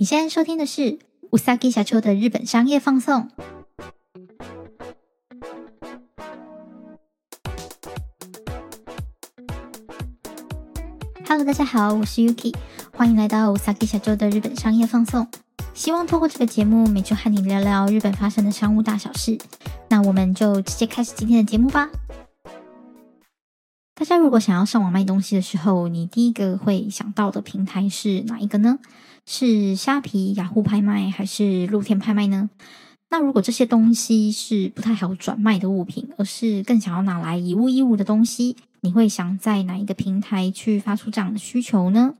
你現在收聽的是五三 K 小周的日本商業放送。Hello，大家好，我是 Yuki，歡迎來到五三 K 小周的日本商業放送。希望透過這個節目，每周和你聊聊日本發生的商務大小事。那我們就直接開始今天的節目吧。大家如果想要上網賣東西的時候，你第一個會想到的平台是哪一個呢？是蝦皮、雅虎拍賣還是露天拍賣呢？那如果這些東西是不太好轉賣的物品，而是更想要拿來以物易物的東西，你會想在哪一個平台去發出這樣的需求呢？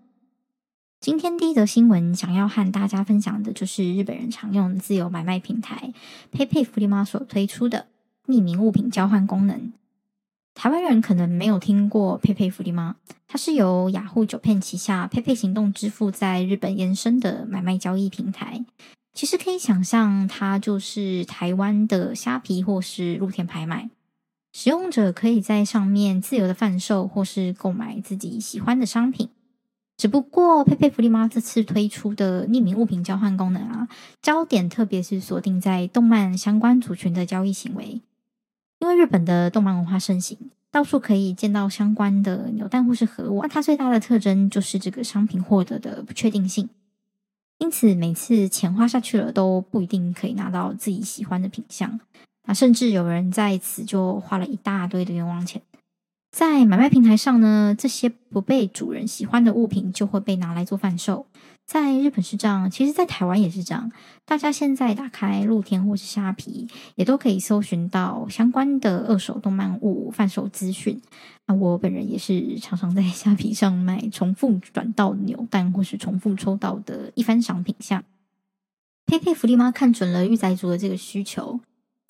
今天第一則新聞想要和大家分享的就是日本人常用的自由買賣平台 PayPay フリマ所推出的匿名物品交換功能。台灣人可能沒有聽過佩佩福利媽，它是由雅虎 Japan 旗下佩佩行動支付在日本延伸的買賣交易平台。其實可以想象，它就是台灣的蝦皮或是露天拍賣。使用者可以在上面自由的販售或是購買自己喜歡的商品。只不過佩佩福利媽這次推出的匿名物品交換功能啊，焦點特別是鎖定在動漫相關族群的交易行為。因為日本的動漫文化盛行，到處可以見到相關的扭蛋或是盒玩。那它最大的特徵就是這個商品獲得的不確定性，因此每次錢花下去了都不一定可以拿到自己喜歡的品相。那、啊、甚至有人在此就花了一大堆的冤枉錢。在買賣平台上呢，這些不被主人喜歡的物品就會被拿來做販售。在日本是這樣，其實，在台灣也是這樣。大家現在打開露天或是蝦皮，也都可以搜尋到相關的二手動漫物販售資訊。那、啊、我本人也是常常在蝦皮上買重複轉到扭蛋或是重複抽到的一番賞品項。PayPay 福利媽看準了御宅族的這個需求。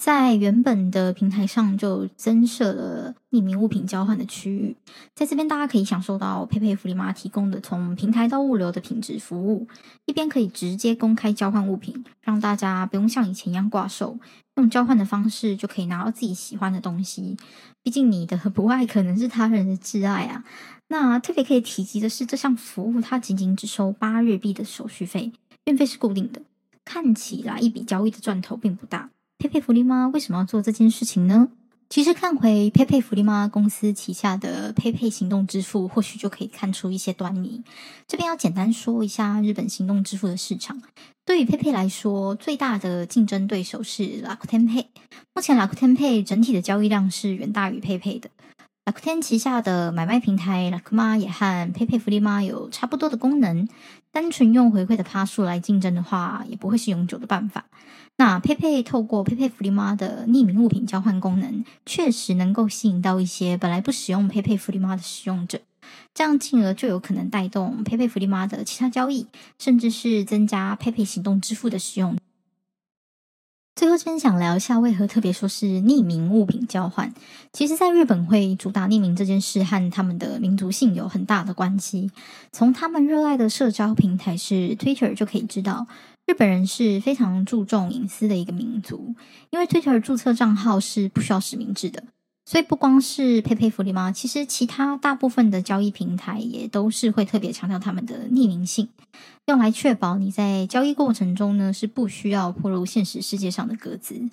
在原本的平台上就增設了匿名物品交換的區域，在這邊大家可以享受到佩佩弗里瑪提供的從平台到物流的品質服務，一邊可以直接公開交換物品，讓大家不用像以前一樣掛手。用交換的方式就可以拿到自己喜歡的東西。畢竟你的不愛可能是他人的摯愛啊。那特別可以提及的是，這項服務它僅僅只收八日幣的手續費，運費是固定的。看起來一筆交易的賺頭並不大。佩佩弗利媽為什麼要做這件事情呢？其實看回佩佩弗利媽公司旗下的佩佩行動支付，或許就可以看出一些端倪。這邊要簡單說一下日本行動支付的市場。對於佩佩來說，最大的競爭對手是 Rakuten Pay。目前 Rakuten Pay 整體的交易量是遠大於佩佩的。Rakuten 旗下的買賣平台 Rakuma 也和佩佩弗利媽有差不多的功能。單純用回饋的趴數來競爭的話，也不會是永久的辦法。那 PayPay 透過 PayPay フリマ的匿名物品交換功能，確實能夠吸引到一些本來不使用 PayPay フリマ的使用者，這樣進而就有可能帶動 PayPay フリマ的其他交易，甚至是增加 PayPay 行動支付的使用。最後，真想聊一下為何特別說是匿名物品交換。其實，在日本會主打匿名這件事，和他們的民族性有很大的關係。從他們熱愛的社交平台是 Twitter 就可以知道。日本人是非常注重隱私的一個民族，因為 Twitter 註冊賬號是不需要實名制的，所以不光是佩佩弗利嘛，其實其他大部分的交易平台也都是會特別強調他們的匿名性，用來確保你在交易過程中呢是不需要暴露現實世界上的個資。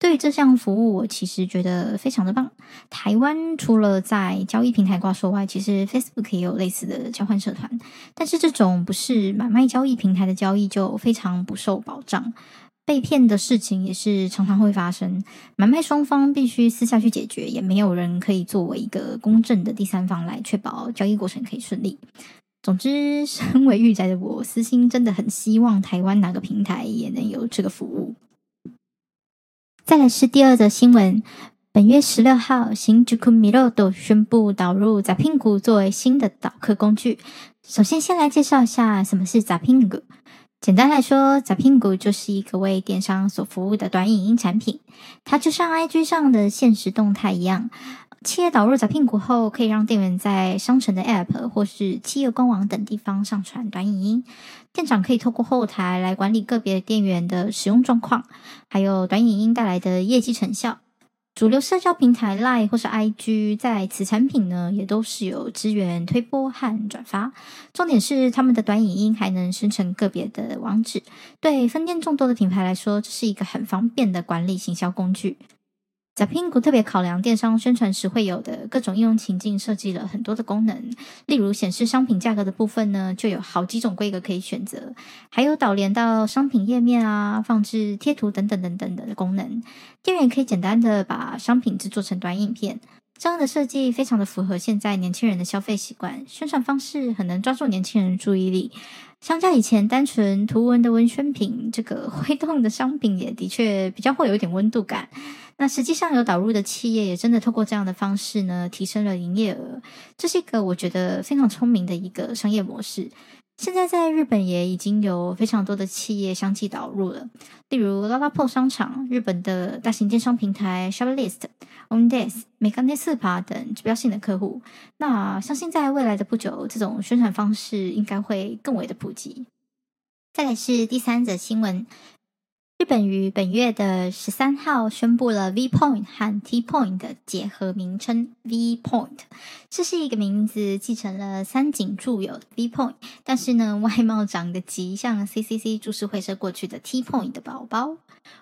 對於這項服務，我其實覺得非常的棒。台灣除了在交易平台掛售外，其實 Facebook 也有類似的交換社團，但是這種不是買賣交易平台的交易就非常不受保障，被騙的事情也是常常會發生。買賣雙方必須私下去解決，也沒有人可以作為一個公正的第三方來確保交易過程可以順利。總之，身為御宅的我，私心真的很希望台灣哪個平台也能有這個服務。再來是第二則新聞。本月十六號，新宿米羅都宣布導入 Zapping 作為新的導客工具。首先，先來介紹一下什麼是 Zapping。簡單來說，Zapping 就是一個為電商所服務的短影音產品，它就像 IG 上的限時動態一樣。企業導入 Zapping 後，可以讓店員在商城的 App 或是企業官網等地方上傳短影音。店長可以透過後台來管理個別店員的使用狀況，還有短影音帶來的業績成效。主流社交平台 Line 或是 IG 在此產品呢，也都是有支援推播和轉發。重點是他們的短影音還能生成個別的網址，對分店眾多的品牌來說，這是一個很方便的管理行銷工具。在蘋果特別考量電商宣傳時會有的各種應用情境，設計了很多的功能。例如顯示商品價格的部分呢，就有好幾種規格可以選擇，還有導連到商品頁面啊、放置貼圖等等等等的功能。店員可以簡單的把商品製作成短影片。這樣的設計非常的符合現在年輕人的消費習慣，宣傳方式很能抓住年輕人注意力。相較以前單純圖文的文宣品，這個會動的商品也的確比較會有一點溫度感。那實際上有導入的企業也真的透過這樣的方式呢，提升了營業額。這是一個我覺得非常聰明的一個商業模式。現在在日本也已經有非常多的企業相繼導入了，例如拉拉鋪商場、日本的大型電商平台 ShopList、Omdes、OnDays、Megane Super 等指標性的客戶。那相信在未來的不久，這種宣傳方式應該會更為的普及。再來是第三則新聞。日本於本月的十三號宣布了 V Point 和 T Point 的結合名稱 V Point。這是一個名字繼承了三井住友的 V Point，但是呢，外貌長得極像 CCC 株式會社過去的 T Point 的寶寶。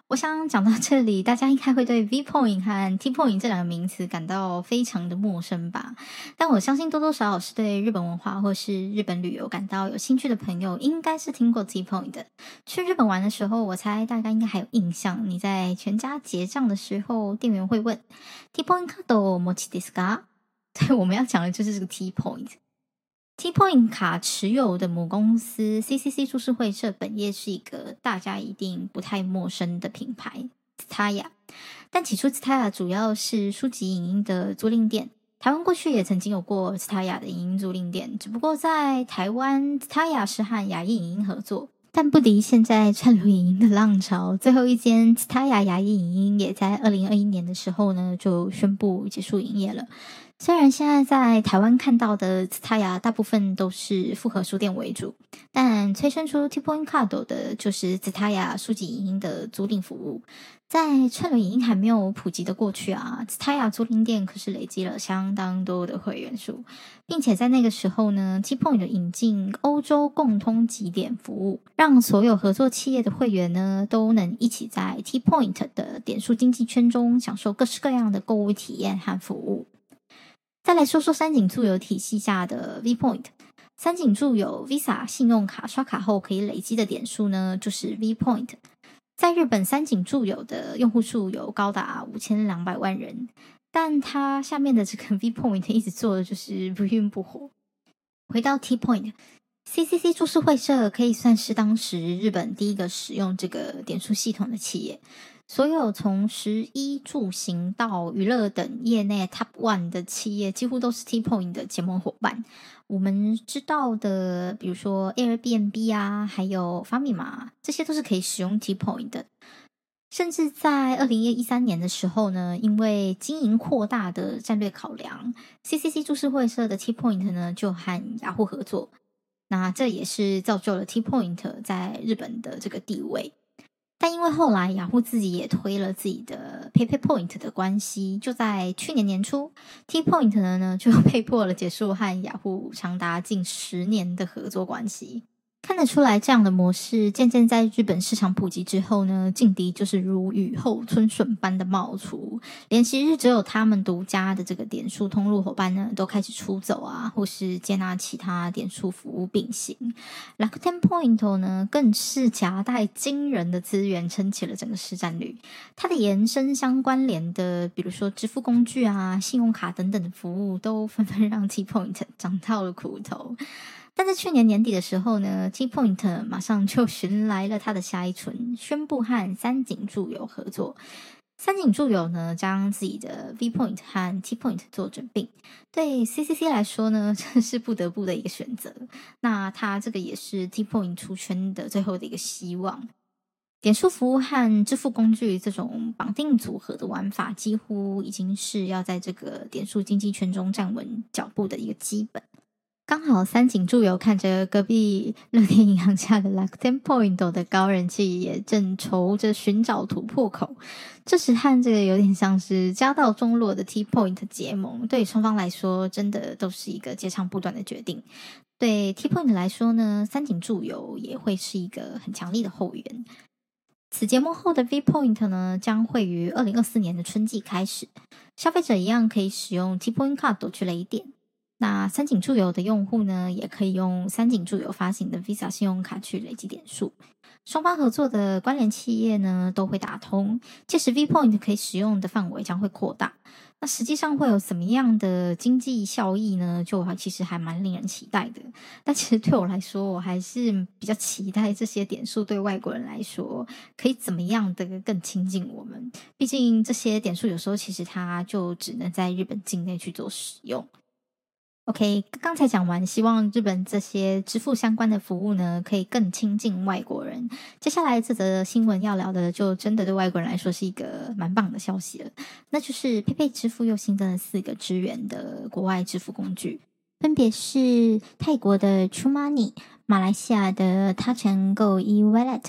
我想講到這裡，大家應該會對 V Point 和 T Point 這兩個名詞感到非常的陌生吧？但我相信多多少少是對日本文化或是日本旅遊感到有興趣的朋友，應該是聽過 T Point 的。去日本玩的時候，我猜大。大家應該還有印象，你在全家結賬的時候，店員會問 T-Point 卡都沒起 desu ka 對，我們要講的就是這個 T-Point。T-Point 卡持有的母公司 CCC 株式會社，本業是一個大家一定不太陌生的品牌 TSUTAYA 但起初 TSUTAYA 主要是書籍影音的租賃店，台灣過去也曾經有過 TSUTAYA 的影音租賃店，只不過在台灣 TSUTAYA 是和亞藝影音合作。但不敵現在串流影音的浪潮，最後一間 TSUTAYA 影音也在二零二一年的時候呢，就宣布結束營業了。雖然現在在台灣看到的 TSUTAYA 大部分都是複合書店為主，但催生出 T Point Card 的就是 TSUTAYA 書籍影音的租賃服務。在串流影音還沒有普及的過去啊，TSUTAYA 租賃店可是累積了相當多的會員數，並且在那個時候呢，T Point 引進歐洲共通集點服務，讓所有合作企業的會員呢都能一起在 T Point 的點數經濟圈中享受各式各樣的購物體驗和服務。來說說三井住友體系下的 V Point。三井住友 Visa 信用卡刷卡後可以累積的點數呢，就是 V Point。在日本，三井住友的用戶數有高達五千兩百萬人，但它下面的這個 V Point 一直做的就是不溫不火。回到 T Point，CCC 株式會社可以算是當時日本第一個使用這個點數系統的企業。所有從食衣住行到娛樂等業內 top one 的企業，幾乎都是 T Point 的結盟夥伴。我們知道的，比如說 Airbnb 啊，還有 FAMIMA 這些都是可以使用 T Point 的。甚至在二零一三年的時候呢，因為經營擴大的戰略考量，CCC 株式會社的 T Point 呢就和雅虎合作。那這也是造就了 T Point 在日本的這個地位。但因為後來雅虎自己也推了自己的 PayPay Point 的關係，就在去年年初，T Point 呢就被迫了結束和雅虎長達近十年的合作關係。看得出來，這樣的模式漸漸在日本市場普及之後呢，勁敵就是如雨後春筍般的冒出，連昔日只有他們獨家的這個點數通路夥伴呢，都開始出走啊，或是接納其他點數服務並行。Rakuten Point 呢，更是夾帶驚人的資源撐起了整個市占率，它的延伸相關聯的，比如說支付工具啊、信用卡等等的服務，都紛紛讓 T Point 嘗到了苦頭。但在去年年底的時候呢，T Point 馬上就尋來了他的下一春，宣布和三井住友合作。三井住友呢將自己的 V Point 和 T Point 做準備，對 C C C 來說呢，這是不得不的一個選擇。那他這個也是 T Point 出圈的最後的一個希望。點數服務和支付工具這種綁定組合的玩法，幾乎已經是要在這個點數經濟圈中站穩腳步的一個基本。剛好三井住友看着隔壁樂天銀行家的 Rakuten Point 的高人氣，也正愁着尋找突破口。這時看這個有點像是家道中落的 T Point 結盟，對於雙方來說真的都是一個截長補短的決定。對 T Point 來說呢，三井住友也會是一個很強力的後援。此結盟後的 V Point 呢，將會於二零二四年的春季開始，消費者一樣可以使用 T Point Card 躲去累點。那三井住友的用戶呢，也可以用三井住友發行的 Visa 信用卡去累積點數。雙方合作的關聯企業呢，都會打通，屆時 V Point 可以使用的範圍將會擴大。那實際上會有怎麼樣的經濟效益呢？就還其實還蠻令人期待的。但其實對我來說，我還是比較期待這些點數對外國人來說，可以怎麼樣的更親近我們。畢竟這些點數有時候其實它就只能在日本境內去做使用。OK，剛才講完，希望日本這些支付相關的服務呢，可以更親近外國人。接下來這則新聞要聊的，就真的對外國人來說是一個蠻棒的消息了，那就是 PayPay 支付又新增了四個支援的國外支付工具，分別是泰國的 TrueMoney、馬來西亞的 Touch 'n Go eWallet、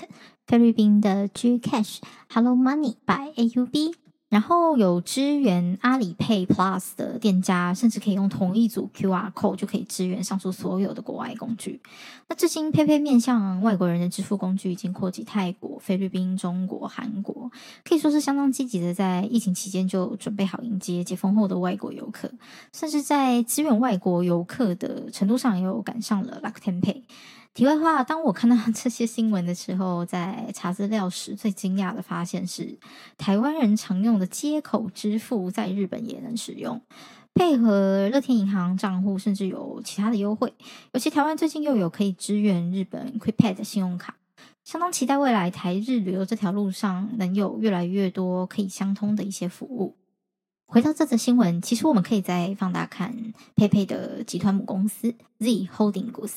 菲律賓的 Gcash、Hello Money by AUB。然後有支援阿里 Pay Plus 的店家，甚至可以用同一組 QR Code 就可以支援上述所有的國外工具。那至今 PayPay 面向外國人的支付工具已經擴及泰國、菲律賓、中國、韓國，可以說是相當積極的在疫情期間就準備好迎接解封後的外國遊客，甚至在支援外國遊客的程度上又趕上了 Rakuten Pay。題外話，當我看到這些新聞的時候，在查資料時最驚訝的發現是，台灣人常用的街口支付在日本也能使用，配合樂天銀行賬戶，甚至有其他的優惠。尤其台灣最近又有可以支援日本 QUICPay 的信用卡，相當期待未來台日旅遊這條路上能有越來越多可以相通的一些服務。回到這則新聞，其實我們可以再放大看 PayPay 的集团母公司 Z Holdings。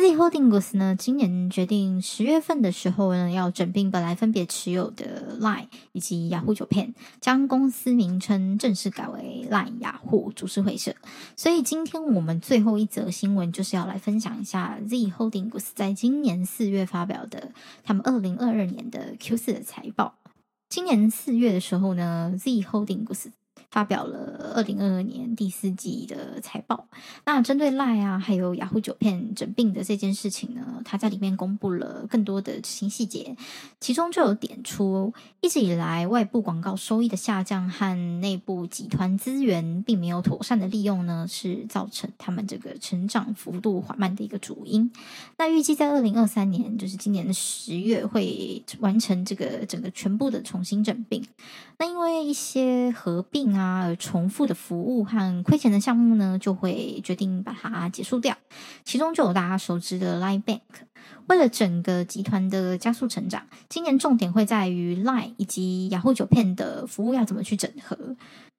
Z Holdings 呢，今年決定十月份的時候呢，要整併本來分別持有的 Line 以及 Yahoo Japan，將公司名稱正式改為 Line Yahoo 株式會社。所以今天我們最後一則新聞就是要來分享一下 Z Holdings 在今年四月發表的他們二零二二年的 Q 四的財報。今年四月的時候呢，Z Holdings。發表了二零二二年第四季的財報。那針對 LINE 啊，還有雅虎 Japan 整併的這件事情呢，他在裡面公布了更多的新細節，其中就有點出，一直以來外部廣告收益的下降和內部集團資源並沒有妥善的利用呢，是造成他們這個成長幅度緩慢的一個主因。那預計在二零二三年，就是今年的十月會完成這個整個全部的重新整併。那因為一些合併啊，啊，重複的服務和虧錢的項目呢，就會決定把它結束掉。其中就有大家熟知的 Line Bank。為了整個集團的加速成長，今年重點會在於 Line 以及 Yahoo Japan 的服務要怎麼去整合。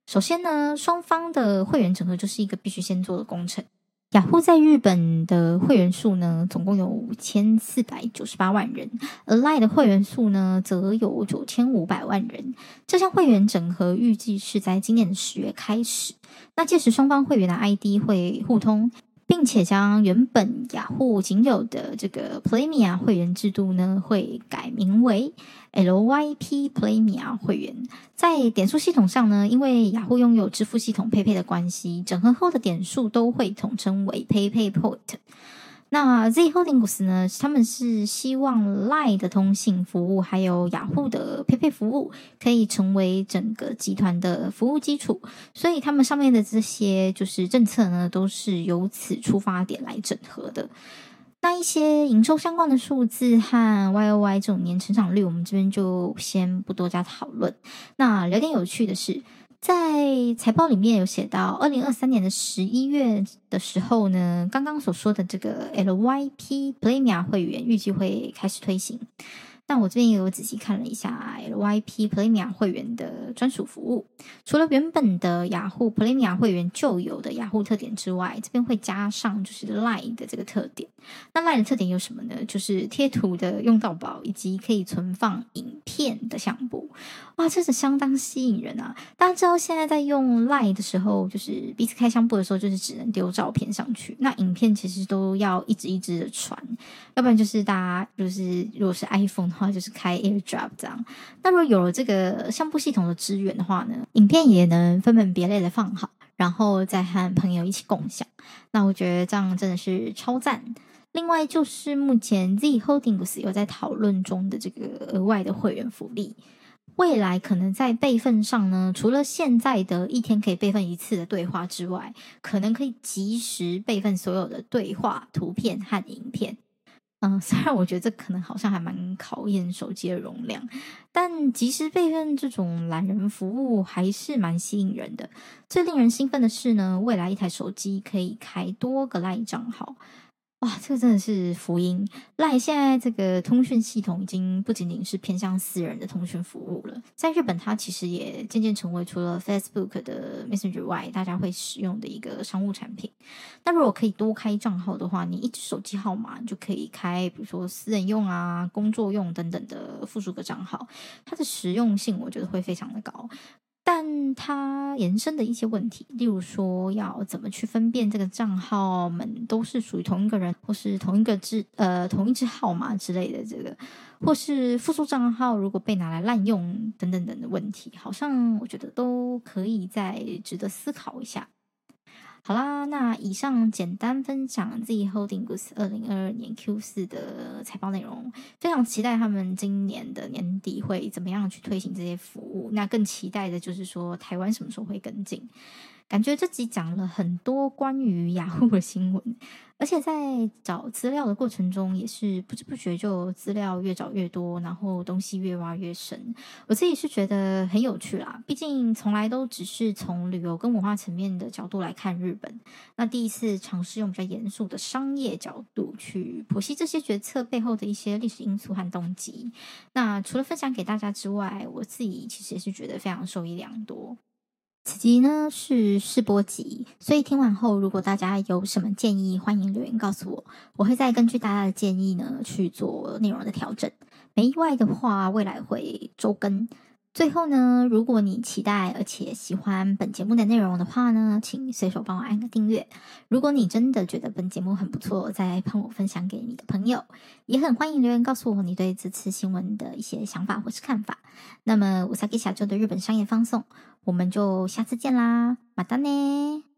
首先呢，雙方的會員整合就是一個必須先做的工程。雅虎在日本的會員數呢，總共有五千四百九十八萬人，而 LINE 的會員數呢，則有九千五百萬人。這項會員整合預計是在今年的十月開始，那屆時雙方會員的 ID 會互通。並且將原本雅虎僅有的這個 Playmia 會員制度呢，會改名為 LYP Playmia 會員。在點數系統上呢，因為雅虎擁有支付系統 PayPay 的關係，整合後的點數都會統稱為 PayPay Point。那 Z Holdings 呢？他們是希望 LINE 的通信服務還有雅虎的 PayPay 服務可以成為整個集團的服務基礎，所以他們上面的這些就是政策呢，都是由此出發點來整合的。那一些營收相關的數字和 Y O Y 這種年成長率，我們這邊就先不多加討論。那聊點有趣的是，在財報裡面有寫到，二零二三年的十一月的時候呢，剛剛所說的這個 LYP Premium 會員預計會開始推行。那我這邊也有仔細看了一下，LYP Premium 會員的專屬服務，除了原本的雅虎 Premium 會員就有的雅虎特典之外，這邊會加上就是 Line 的這個特典。那 Line 的特典有什麼呢？就是貼圖的用到飽，以及可以存放影片的相簿。哇，這是相當吸引人啊！大家知道現在在用 Line 的時候，就是彼此開相簿的時候，就是只能丟照片上去，那影片其實都要一支一支的傳，要不然就是大家就是如果是 iPhone。就是開 AirDrop 這樣，那如果有了這個相簿系統的資源的話呢，影片也能分門別類的放好，然後再和朋友一起共享。那我覺得這樣真的是超讚。另外就是目前 Z Holdings 有在討論中的這個額外的會員福利，未來可能在備份上呢，除了現在的一天可以備份一次的對話之外，可能可以即時備份所有的對話、圖片和影片。嗯，雖然我覺得這可能好像還蠻考驗手機的容量，但即時備份這種懶人服務還是蠻吸引人的。最令人興奮的是呢，未來一台手機可以開多個 LINE 賬號。哇，這個真的是福音！LINE 現在這個通訊系統已經不僅僅是偏向私人的通訊服務了，在日本它其實也漸漸成為除了 Facebook 的 Messenger 外，大家會使用的一個商務產品。那如果可以多開賬號的話，你一支手機號碼就可以開，比如說私人用啊、工作用等等的附屬的賬號，它的實用性我覺得會非常的高。它延伸的一些問題，例如說要怎麼去分辨這個賬號們都是屬於同一個人，或是同一個支呃同一支號碼之類的，這個或是複數賬號如果被拿來濫用等等等等的問題，好像我覺得都可以再值得思考一下。好啦，那以上簡單分享 Z Holdings 二零二二年 Q 四的財報內容，非常期待他們今年的年底會怎麼樣去推行這些服務。那更期待的就是說，台灣什麼時候會跟進？感覺這集講了很多關於雅虎的新聞，而且在找資料的過程中，也是不知不覺就資料越找越多，然後東西越挖越深。我自己是覺得很有趣啦，畢竟從來都只是從旅遊跟文化層面的角度來看日本，那第一次嘗試用比較嚴肅的商業角度去剖析這些決策背後的一些歷史因素和動機。那除了分享給大家之外，我自己其實也是覺得非常受益良多。此集呢是試播集，所以聽完後，如果大家有什麼建議，歡迎留言告訴我，我會再根據大家的建議呢去做內容的調整。沒意外的話，未來會週更。最後呢，如果你期待而且喜歡本節目的內容的話呢，請隨手幫我按個訂閱。如果你真的覺得本節目很不錯，再幫我分享給你的朋友，也很歡迎留言告訴我你對這次新聞的一些想法或是看法。那麼，我是給小周的日本商業放送。我們就下次見啦，またね。